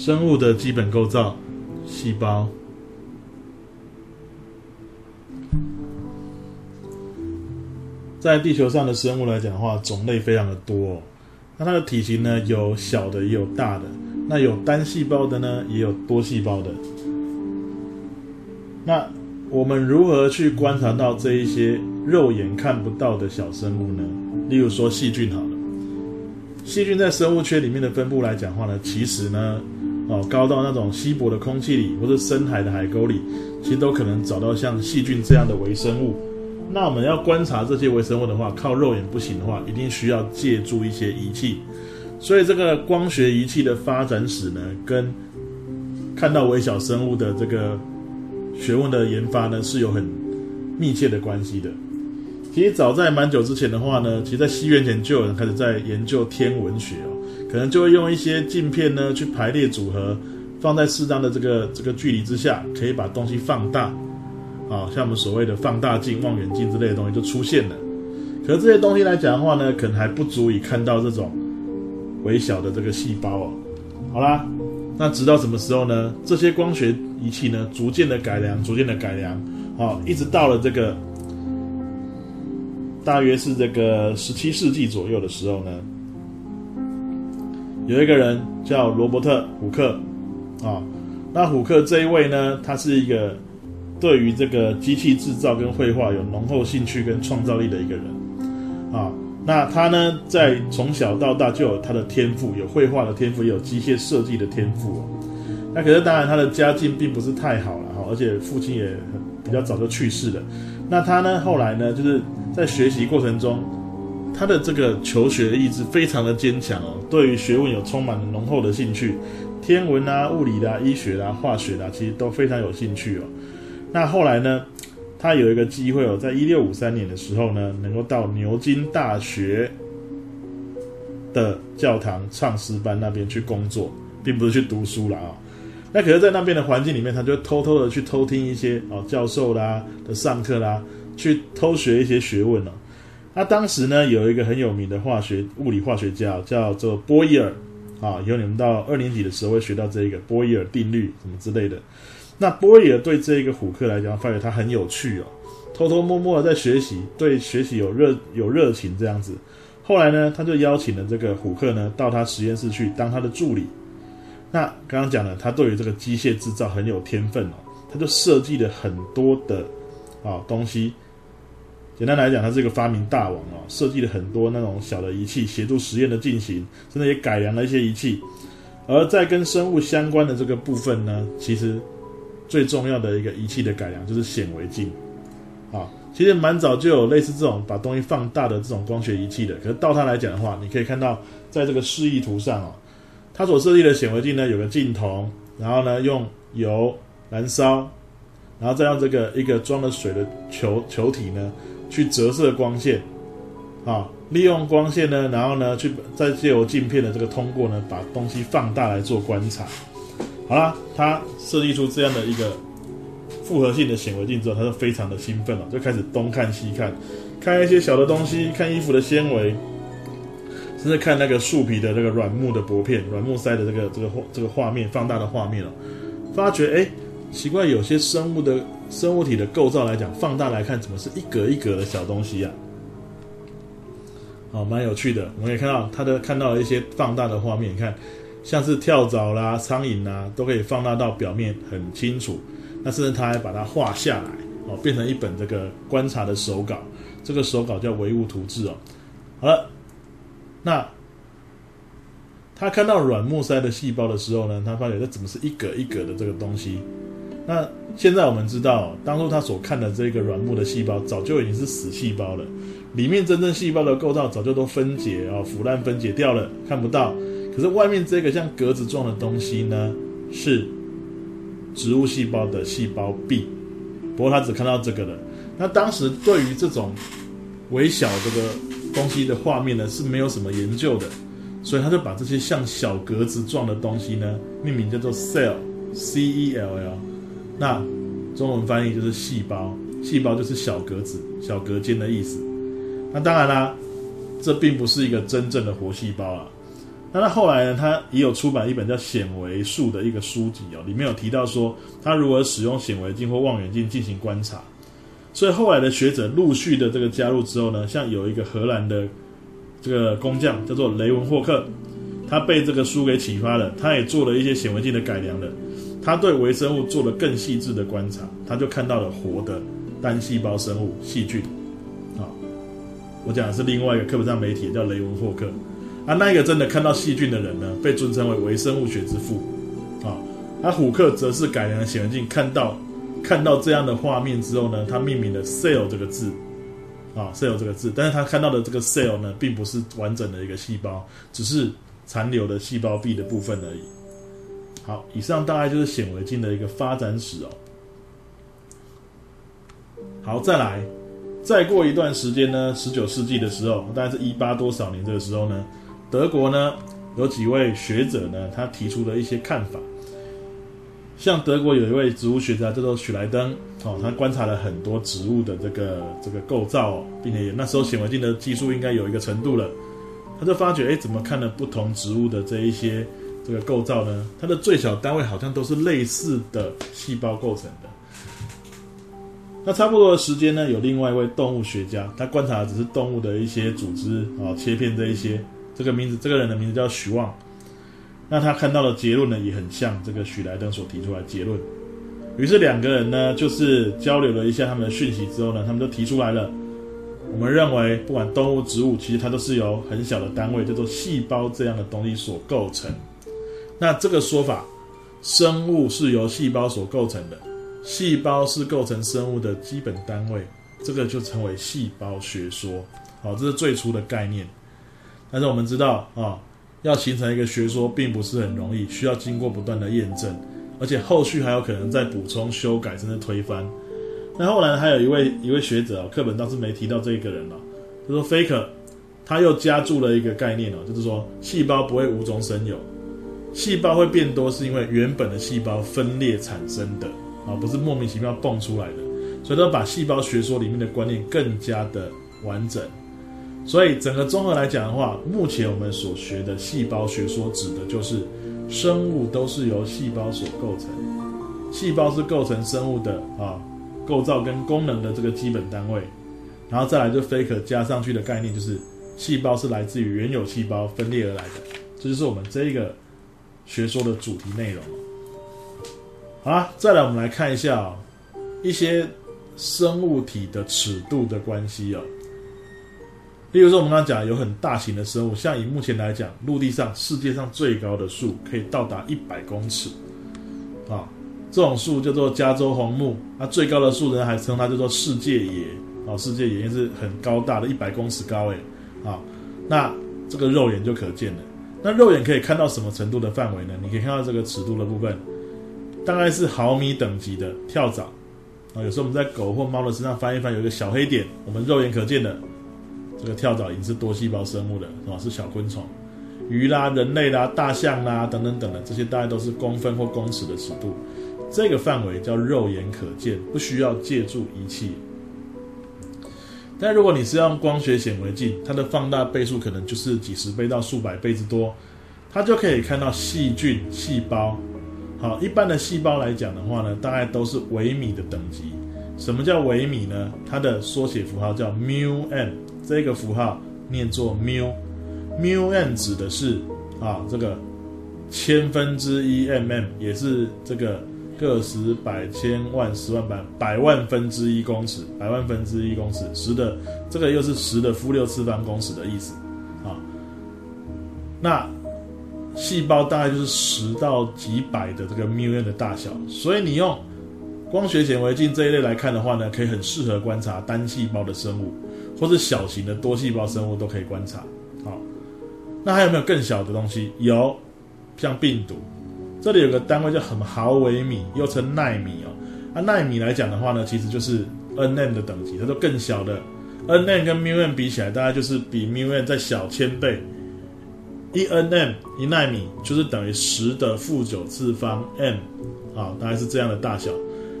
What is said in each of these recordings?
生物的基本構造，細胞。在地球上的生物來講的話，種類非常的多哦。那它的體型呢，有小的，也有大的。那有單細胞的呢，也有多細胞的。那我們如何去觀察到這一些肉眼看不到的小生物呢？例如說細菌好了，細菌在生物圈裡面的分布來講的話呢，其實呢。哦，高到那種稀薄的空氣裡，或是深海的海溝裡，其實都可能找到像細菌這樣的微生物。那我們要觀察這些微生物的話，靠肉眼不行的話，一定需要借助一些儀器。所以這個光學儀器的發展史呢，跟看到微小生物的這個學問的研發呢，是有很密切的關係的。其實早在蠻久之前的話呢，其實在西元前就有人開始在研究天文學哦。可能就會用一些鏡片呢去排列組合，放在適當的這個這個距離之下，可以把東西放大，啊，像我們所謂的放大鏡、望遠鏡之類的東西就出現了。可是這些東西來講的話呢，可能還不足以看到這種微小的這個細胞哦。好啦，那直到什麼時候呢？這些光學儀器呢，逐漸的改良，逐漸的改良，好，一直到了這個大約是這個十七世紀左右的時候呢。有一個人叫羅伯特·虎克，啊、哦，那虎克這一位呢，他是一個對於這個機器製造跟繪畫有濃厚興趣跟創造力的一個人，啊、哦，那他呢在從小到大就有他的天賦，有繪畫的天賦，也有機械設計的天賦哦。那可是當然他的家境並不是太好了，而且父親也很，比較早就去世了。那他呢後來呢就是在學習過程中。他的這個求學的意志非常的堅強哦，對於學問有充滿濃厚的興趣，天文啊、物理啦、啊、醫學啦、啊、化學啦、啊，其實都非常有興趣哦。那後來呢，他有一個機會哦，在一六五三年的時候呢，能夠到牛津大學的教堂唱詩班那邊去工作，並不是去讀書了啊、哦。那可是，在那邊的環境裡面，他就偷偷的去偷聽一些哦教授啦的上課啦，去偷學一些學問哦。那、啊、當時呢，有一個很有名的化學、物理化學家叫做波伊爾啊。以後你們到二年級的時候會學到這一個波伊爾定律什麼之類的。那波伊爾對這一個虎克來講，發覺他很有趣哦，偷偷摸摸的在學習，對學習有熱有熱情這樣子。後來呢，他就邀請了這個虎克呢到他實驗室去當他的助理。那剛剛講了，他對於這個機械制造很有天分哦，他就設計了很多的啊東西。簡單來講，它是一個發明大王哦，設計了很多那種小的儀器協助實驗的進行，甚至也改良了一些儀器。而在跟生物相關的這個部分呢，其實最重要的一個儀器的改良就是顯微鏡啊。其實蠻早就有類似這種把東西放大的這種光學儀器的，可是到它來講的話，你可以看到在這個示意圖上哦，它所設計的顯微鏡呢，有個鏡頭，然後呢用油燃燒，然後再用這個一個裝了水的球球體呢，去折射光線，啊，利用光線呢，然後呢，去再借由鏡片的這個通過呢，把東西放大來做觀察。好啦，他設計出這樣的一個複合性的顯微鏡之後，他就非常的興奮了，就開始東看西看，看一些小的東西，看衣服的纖維，甚至看那個樹皮的這個軟木的薄片、軟木塞的這個這個畫這個畫面放大的畫面了，哦，發覺，哎，奇怪，有些生物的。生物體的構造來講，放大來看，怎麼是一格一格的小東西呀？啊。好，哦，蠻有趣的。我們可以看到它的看到了一些放大的畫面，你看像是跳蚤啦、蒼蠅啦，都可以放大到表面很清楚。那甚至他還把它畫下來，哦，變成一本這個觀察的手稿。這個手稿叫《微物圖誌》哦。好了，那他看到軟木塞的細胞的時候呢，他發覺這怎麼是一格一格的這個東西？那現在我們知道，當初他所看的這個軟木的細胞早就已經是死細胞了，裡面真正細胞的構造早就都分解啊，腐爛分解掉了，看不到。可是外面這個像格子狀的東西呢，是植物細胞的細胞壁。不過他只看到這個了。那當時對於這種微小這個東西的畫面呢，是沒有什麼研究的，所以他就把這些像小格子狀的東西呢，命名叫做 cell，C E L L。L, 那中文翻譯就是細胞，細胞就是小格子、小格間的意思。那當然啦，啊，這並不是一個真正的活細胞啊。那他後來呢，他也有出版一本叫《顯微術》的一個書籍哦，裡面有提到說他如何使用顯微鏡或望遠鏡進行觀察。所以後來的學者陸續的這個加入之後呢，像有一個荷蘭的這個工匠叫做雷文霍克，他被這個書給啟發了，他也做了一些顯微鏡的改良的。他對微生物做了更細緻的觀察，他就看到了活的單細胞生物細菌，啊、哦，我講的是另外一個課本上沒提叫雷文霍克，啊，那一個真的看到細菌的人呢，被尊稱為微生物學之父，哦、啊，而虎克則是改良顯微鏡，看到看到這樣的畫面之後呢，他命名了 cell 這個字，啊、哦、cell 這個字，但是他看到的這個 cell 呢，並不是完整的一個細胞，只是殘留的細胞壁的部分而已。好，以上大概就是顯微鏡的一個發展史哦。好，再來，再過一段時間呢，十九世紀的時候，大概是一八多少年這個時候呢，德國呢有幾位學者呢，他提出了一些看法。像德國有一位植物學家叫做許萊登，哦，他觀察了很多植物的這個這個構造，哦，並且那時候顯微鏡的技術應該有一個程度了，他就發覺，哎，怎麼看了不同植物的這一些。這個構造呢，它的最小單位好像都是類似的細胞構成的。那差不多的時間呢，有另外一位動物學家，他觀察的只是動物的一些組織啊、哦、切片這一些。這個名字，這個人的名字叫許旺。那他看到的結論呢，也很像這個許萊登所提出來結論。於是兩個人呢，就是交流了一下他們的訊息之後呢，他們都提出來了。我們認為，不管動物、植物，其實它都是由很小的單位叫做細胞這樣的東西所構成。那這個說法，生物是由細胞所構成的，細胞是構成生物的基本單位，這個就稱為細胞學說。好，這是最初的概念。但是我們知道啊，要形成一個學說並不是很容易，需要經過不斷的驗證，而且後續還有可能再補充、修改，甚至推翻。那後來還有一位一位學者哦，課本倒是沒提到這一個人了。他說，Faker，他又加注了一個概念哦，就是說細胞不會無中生有。細胞會變多，是因為原本的細胞分裂產生的啊，不是莫名其妙蹦出來的。所以，都把細胞學說裡面的觀念更加的完整。所以，整個綜合來講的話，目前我們所學的細胞學說指的就是生物都是由細胞所構成，細胞是構成生物的啊構造跟功能的這個基本單位。然後再來就 f a k e 加上去的概念，就是細胞是來自於原有細胞分裂而來的。這就是我們這一個。學說的主題內容。好啦，再來我們來看一下、哦、一些生物體的尺度的關係哦。例如說，我們剛剛講有很大型的生物，像以目前來講，陸地上世界上最高的樹可以到達一百公尺啊。這種樹叫做加州紅木，那、啊、最高的樹人還稱它叫做世界爺，啊，世界爺是很高大的，一百公尺高哎啊，那這個肉眼就可見了。那肉眼可以看到什麼程度的範圍呢？你可以看到這個尺度的部分，大概是毫米等級的跳蚤啊。有時候我們在狗或貓的身上翻一翻，有一個小黑點，我們肉眼可見的。這個跳蚤已經是多細胞生物的，是、啊、是小昆蟲，魚啦、人類啦、大象啦等等等等的，這些大概都是公分或公尺的尺度。這個範圍叫肉眼可見，不需要借助儀器。但如果你是要用光學顯微鏡，它的放大倍數可能就是幾十倍到數百倍之多，它就可以看到細菌、細胞。好，一般的細胞來講的話呢，大概都是微米的等級。什麼叫微米呢？它的縮寫符號叫 μm，這個符號念作“繆 ”，μm 指的是啊這個千分之一 mm，也是這個。個十百千萬十萬百百萬分之一公尺，百萬分之一公尺，十的這個又是十的負六次方公尺的意思啊、哦。那細胞大概就是十到幾百的這個 million 的大小，所以你用光學顯微鏡這一類來看的話呢，可以很適合觀察單細胞的生物，或是小型的多細胞生物都可以觀察。好、哦，那還有沒有更小的東西？有，像病毒。這裡有個單位叫毫微米，又稱奈米哦。那、啊、奈米來講的話呢，其實就是 nm 的等級，它就更小的。nm 跟 mu m 比起來，大概就是比 mu m 再小千倍。一 n m 一奈米就是等於十的負九次方 m，、啊、大概是這樣的大小。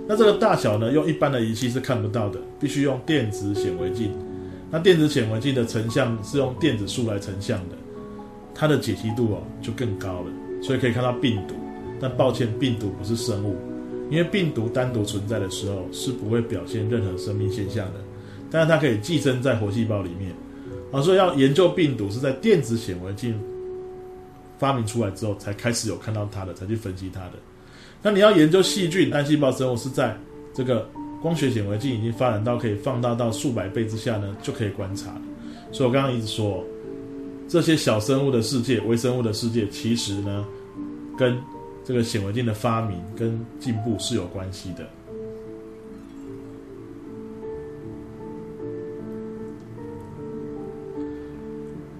那這個大小呢，用一般的儀器是看不到的，必須用電子顯微鏡。那電子顯微鏡的成像是用電子束來成像的，它的解析度哦就更高了，所以可以看到病毒。但抱歉，病毒不是生物，因為病毒單獨存在的時候是不會表現任何生命現象的。但是它可以寄生在活細胞裡面，啊，所以要研究病毒是在電子顯微鏡發明出來之後才開始有看到它的，才去分析它的。那你要研究細菌、單細胞生物是在這個光學顯微鏡已經發展到可以放大到數百倍之下呢，就可以觀察了。所以我剛剛一直說，這些小生物的世界、微生物的世界，其實呢，跟這個顯微鏡的發明跟進步是有關係的。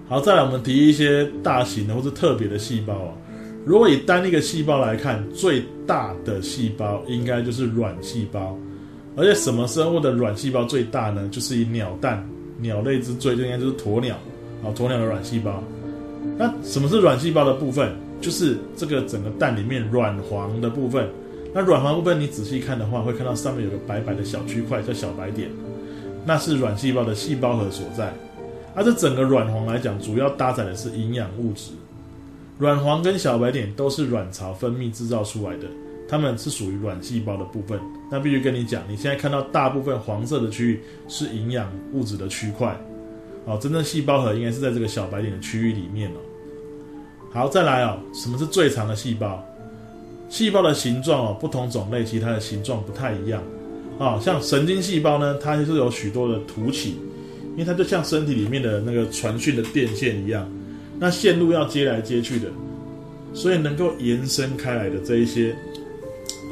好，再來我們提一些大型的或者特別的細胞啊。如果以單一個細胞來看，最大的細胞應該就是卵細胞，而且什麼生物的卵細胞最大呢？就是以鳥蛋，鳥類之最，就應該就是鴕鳥啊，鴕鳥的卵細胞。那什麼是卵細胞的部分？就是這個整個蛋裡面卵黃的部分，那卵黃部分你仔細看的話，會看到上面有個白白的小區塊，叫小白點，那是卵細胞的細胞核所在。啊，這整個卵黃來講，主要搭載的是營養物質。卵黃跟小白點都是卵巢分泌製造出來的，他們是屬於卵細胞的部分。那必須跟你講，你現在看到大部分黃色的區域是營養物質的區塊，哦，真正細胞核應該是在這個小白點的區域裡面了。好，再來哦。什麼是最長的細胞？細胞的形狀哦，不同種類其實它的形狀不太一樣。啊、哦，像神經細胞呢，它就是有許多的突起，因為它就像身體裡面的那個傳訊的電線一樣，那線路要接來接去的，所以能夠延伸開來的這一些，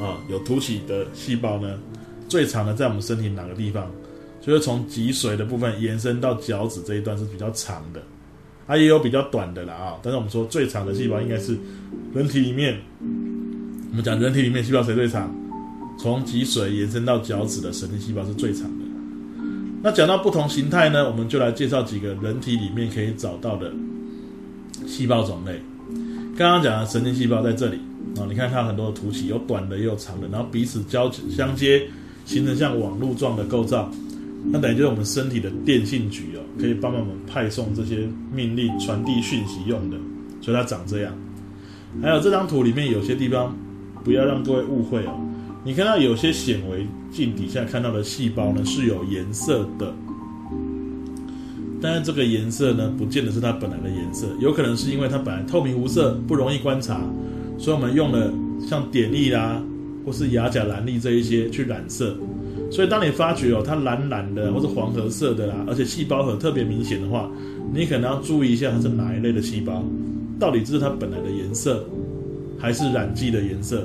啊、哦，有凸起的細胞呢，最長的在我們身體哪個地方？就是從脊髓的部分延伸到腳趾這一段是比較長的。它也有比較短的啦啊，但是我們說最長的細胞應該是人體裡面，我們講人體裡面細胞誰最長？從脊髓延伸到腳趾的神經細胞是最長的。那講到不同形態呢，我們就來介紹幾個人體裡面可以找到的細胞種類。剛剛講的神經細胞在這裡啊，你看它有很多的突起，有短的也有長的，然後彼此交相接，形成像網路狀的構造。那等於就是我們身體的電信局哦，可以幫，幫我們派送這些命令，傳遞訊息用的，所以它長這樣。還有這張圖裡面有些地方，不要讓各位誤會哦、啊。你看到有些顯微鏡底下看到的細胞呢，是有顏色的，但是這個顏色呢，不見得是它本來的顏色，有可能是因為它本來透明無色，不容易觀察，所以我們用了像碘液啦，或是亞甲藍液這一些去染色。所以，當你發覺哦，它藍藍的，或是黃褐色的啦，而且細胞核特別明顯的話，你可能要注意一下，它是哪一類的細胞，到底這是它本來的顏色，還是染劑的顏色？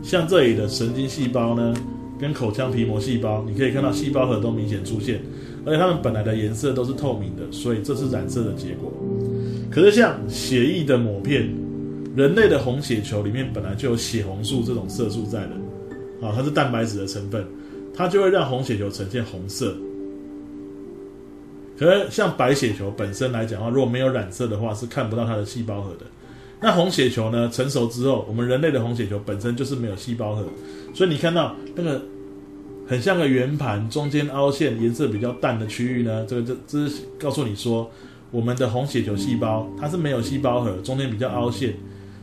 像這裡的神經細胞呢，跟口腔皮膜細胞，你可以看到細胞核都明顯出現，而且它們本來的顏色都是透明的，所以這是染色的結果。可是，像血液的抹片，人類的紅血球裡面本來就有血紅素這種色素在的，啊，它是蛋白質的成分。它就會讓紅血球呈現紅色。可是像白血球本身來講的話，如果沒有染色的話，是看不到它的細胞核的。那紅血球呢？成熟之後，我們人類的紅血球本身就是沒有細胞核，所以你看到那個很像個圓盤，中間凹陷、顏色比較淡的區域呢，這個這這是告訴你說，我們的紅血球細胞它是沒有細胞核，中間比較凹陷，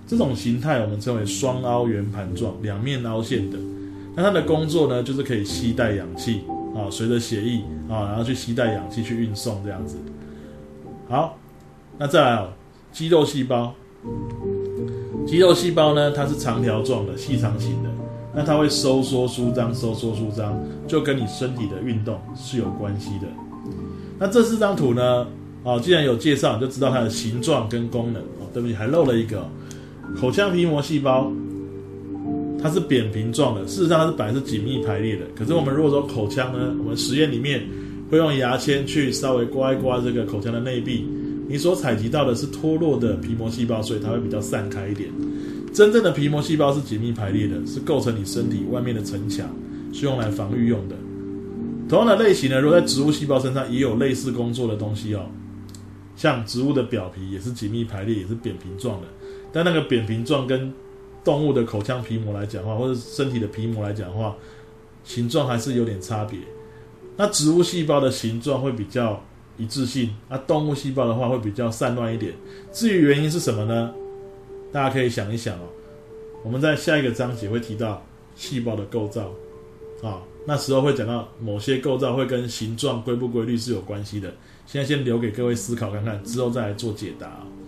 這種形態我們稱為雙凹圓盤狀，兩面凹陷的。那它的工作呢，就是可以攜帶氧氣啊，隨着血液啊，然後去攜帶氧氣去運送這樣子。好，那再來哦，肌肉細胞。肌肉細胞呢，它是長條狀的、細長型的。那它會收縮、舒張、收縮、舒張，就跟你身體的運動是有關係的。那這四張圖呢，哦、啊，既然有介紹，你就知道它的形狀跟功能。哦，對不對？還漏了一個、哦，口腔皮膜細胞。它是扁平狀的，事實上它是本來是緊密排列的。可是我們如果說口腔呢，我們實驗裡面會用牙籤去稍微刮一刮這個口腔的內壁，你所採集到的是脫落的皮膜細胞，所以它會比較散開一點。真正的皮膜細胞是緊密排列的，是構成你身體外面的城牆，是用來防御用的。同樣的類型呢，如果在植物細胞身上也有類似工作的東西哦，像植物的表皮也是緊密排列，也是扁平狀的，但那個扁平狀跟。動物的口腔皮膜來講的話，或者身體的皮膜來講的話，形狀還是有點差別。那植物細胞的形狀會比較一致性，那、啊、動物細胞的話會比較散亂一點。至於原因是什麼呢？大家可以想一想哦。我們在下一個章節會提到細胞的構造，啊、哦，那時候會講到某些構造會跟形狀規不規律是有關係的。現在先留給各位思考看看，之後再來做解答、哦。